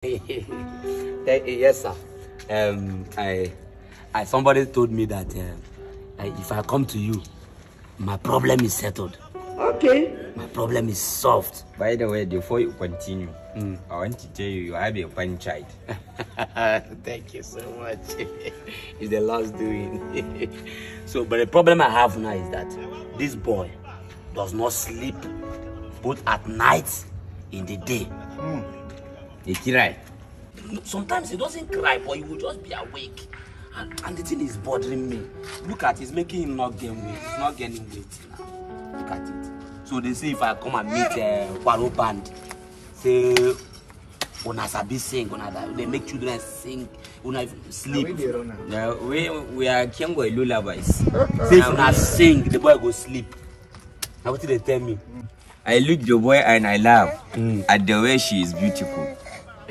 yes, sir. Um, I, I, somebody told me that uh, I, if I come to you, my problem is settled. Okay. My problem is solved. By the way, before you continue, mm. I want to tell you, you have a fine child. Thank you so much. it's the last doing. so, but the problem I have now is that this boy does not sleep both at night in the day. Mm. He cried. Sometimes he doesn't cry, but he will just be awake. And, and the thing is bothering me. Look at it, it's making him not gain weight. He's not gaining weight now. Look at it. So they say if I come and meet uh, Waro band, say una sabi sing, una da, they make children sing, una sleep. Yeah, we we are Kengo lullabies. say una sing, the boy go sleep. Now what did they tell me? Mm. I look the boy and I laugh mm. at the way she is beautiful.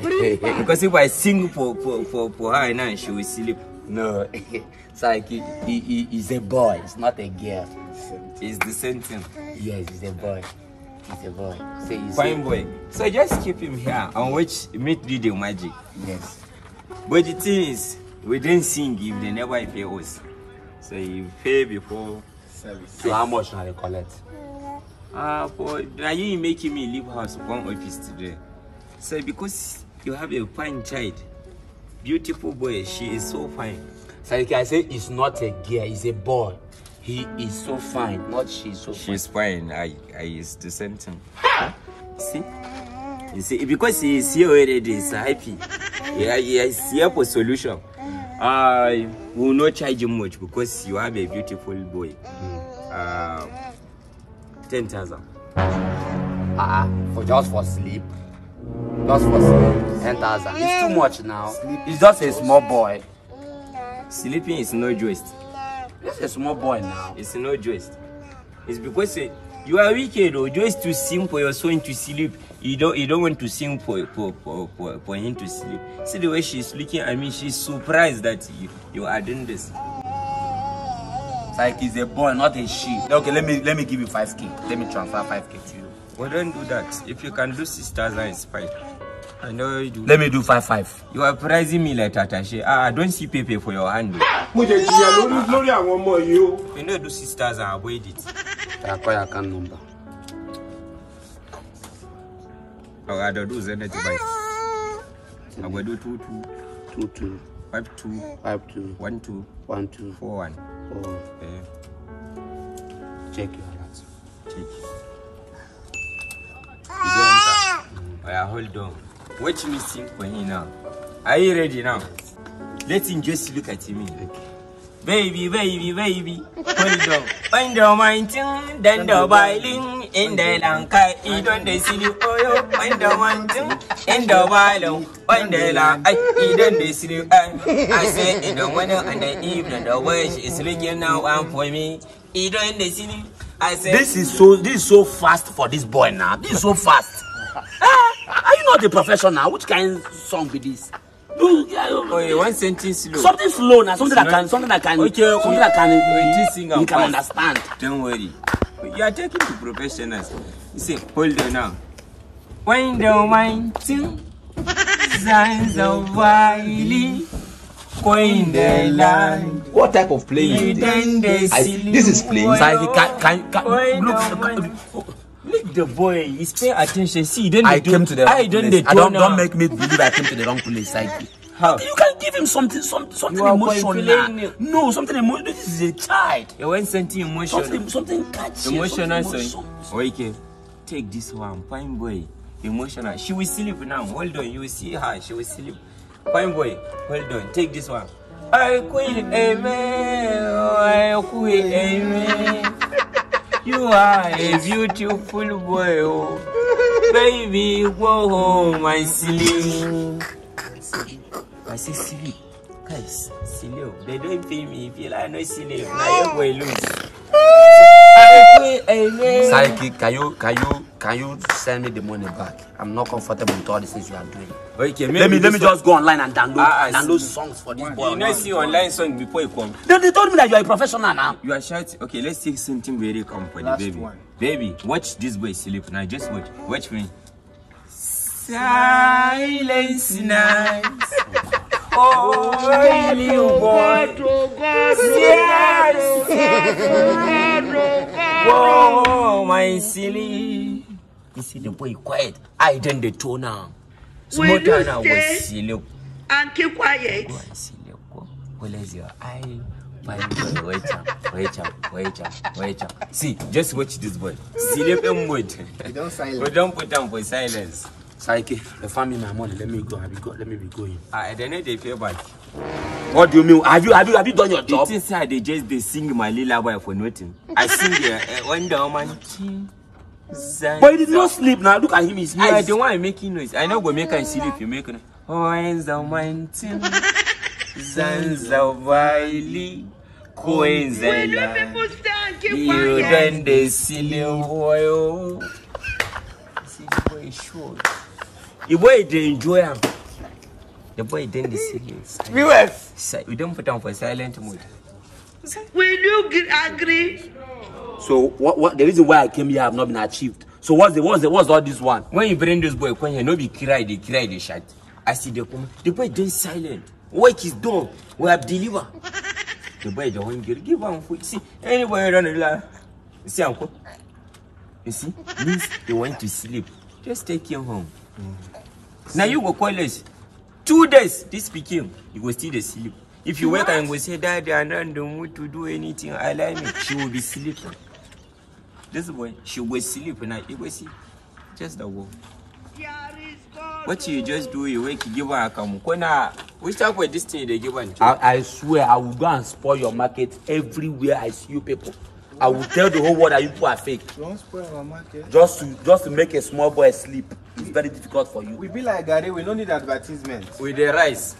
because if I sing for, for, for, for her now, she will sleep. No, it's like he, he, he's a boy, it's not a girl. It's the same thing. Yes, he's a boy. He's a boy. So he's Fine a boy. So just keep him here and watch meet do the magic. Yes. But the thing is, we didn't sing if they never pay us. So you pay before service. So how much now they collect? Ah, uh, for are you making me leave house one office today. So because you have a fine child. Beautiful boy. She is so fine. So you can say it's not a girl, it's a boy. He is so fine, not she is so fine. She's fine. I, I is the same thing. Ha! See? You see, because he is here already, he's happy. Yeah, he is here for solution. I will not charge you much because you have a beautiful boy. Mm. Uh, 10,000. Ah, uh, for just for sleep for sleep. 10,000. It's too much now. He's it's just a small boy. Sleeping is no joist. This a small boy now. It's no joist. It's because eh, you are wicked or oh. just to sing for your son to sleep. You don't you don't want to sing for for, for, for, for him to sleep. See the way she's looking I mean, She's surprised that you, you are doing this. It's like he's a boy, not a she. Okay, let me let me give you 5k. Let me transfer 5k to you. Well don't do that. If you can do 6,000 it's fine. I know you do. Let me do five five. You are praising me like Tatashe. Ah, I don't see paper for your hand. Mo jẹ jìyà lórí lórí àwọn ọmọ yìí o. You know the sisters are avoid I Akọ ya number. Oh, I don't ṣe anything. I will do two two. Two two. Five two. Five two. One two. One two. Four one. Four one. Yeah. Check your hands. Check. You don't answer. Oya oh, hold on. Watch me sing for me now? Are you ready now? Let him just look at me. Okay. Baby, baby, baby, hold on. When the mountain, then the boiling, in the lanka, it on the silly oil. When the mountain, in the boiling, when the lanka, it on the silly I say in the winter and the evening, the wash is ringing now and for me. It on the silly. I say. This is so. This is so fast for this boy now. This is so fast. Ah! Are you not a professional? Which kind of song be this? Do, oh, one sentence slow. Something slow now, something that can, something that can, okay, okay. something that can, okay. Oh, you, you can understand. Don't worry. You are taking to professionals. You see, hold on now. When the wind down. Signs of wily. Coin the land. What type of playing is this? I, this is playing. Can, can, can, look, look, oh, look. The the he's Pay attention. See, then I do, came to the wrong I place. Don't, I don't, don't make me believe I came to the wrong place. I, how? You can give him something, some, something emotional. No, something emotional. This is a child. You want something emotional. Something, something catchy. Emotional, something emotional. okay, take this one, fine boy. Emotional. She will sleep now. Hold on, you will see her. She will sleep. Fine boy, hold on. Take this one. I quit, amen. I quit, amen. You are a beautiful boy, oh. Baby, go home my silly. I say sleep. Guys, silly. Oh. They don't pay me. If you like, no silly. Now you go lose. Psychic, can you can you can you send me the money back? I'm not comfortable with all the things you are doing. Okay, maybe let me let me just go online and download ah, download songs for this boy. You know, see online song before you come. They, they told me that you are a professional now. You are shouting. Okay, let's take something very comfortable, Last baby. One. Baby, watch this boy sleep now. Just watch, watch me. Silence night. Oh, oh, boy. Yes. my silly. You see the boy quiet. I done the tone now. Small time I was silly. And keep quiet. Go and silly. Well, is your eye? wait up, wait up, wait up, wait up. See, just watch this boy. Sleep and wait. We don't silence. We don't put down for silence. Psyche, the family, my money. Let me go. Have you got? Let me be going. Ah, uh, the night they pay What do you mean? Have you have you have you done your job? It is inside they just they sing my little lullaby for nothing. I seen there uh, when the woman came. But he did not sleep now. Look at him, he's mad. I don't want to make noise. I know go make him sleep. You make him. Oh, Enza Mantin. Zanza Wiley. Coenzela. You then the silly oil. See, the boy short. The boy didn't enjoy him. The boy didn't the silly. Viewers. We don't put down for silent mood. Will you agree? So what, what the reason why I came here have not been achieved. So what's the what's the what's all this one? When you bring this boy when you know be cry, they cry, they shout. I see the come. The boy then silent. Work is done. We have deliver. the boy the hungry. Give one food. See anybody run the See uncle. You see? Means they want to sleep. Just take him home. Mm. Now you go college. Two days this became. You go still the sleep. If you what? wake and go say, Daddy, I don't know to do anything, I like me. She will be sleeping. This boy she will sleep now. You will see. Just the wall. What you just do, you wake, give her a come. When I which type of this thing they give one? I, I swear, I will go and spoil your market everywhere I see you people. I will tell the whole world that you people are fake. Don't spoil our market. Just to just to make a small boy sleep. It's very difficult for you. We be like Gary, we don't need advertisement. With the rice.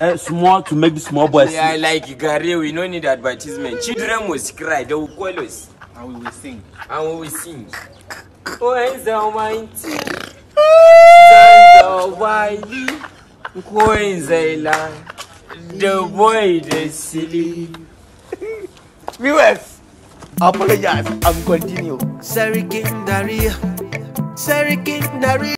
Uh, small to make the small boy Yeah, like Gary, we don't need advertisement. Children must cry, they will call us. And we will sing. And oh, we will sing. Kwenza wainti. Zanza wali. Kwenza ila. The boy is silly. Viewers, apologize. I'm continue. Serikin Daria. Serikin Daria.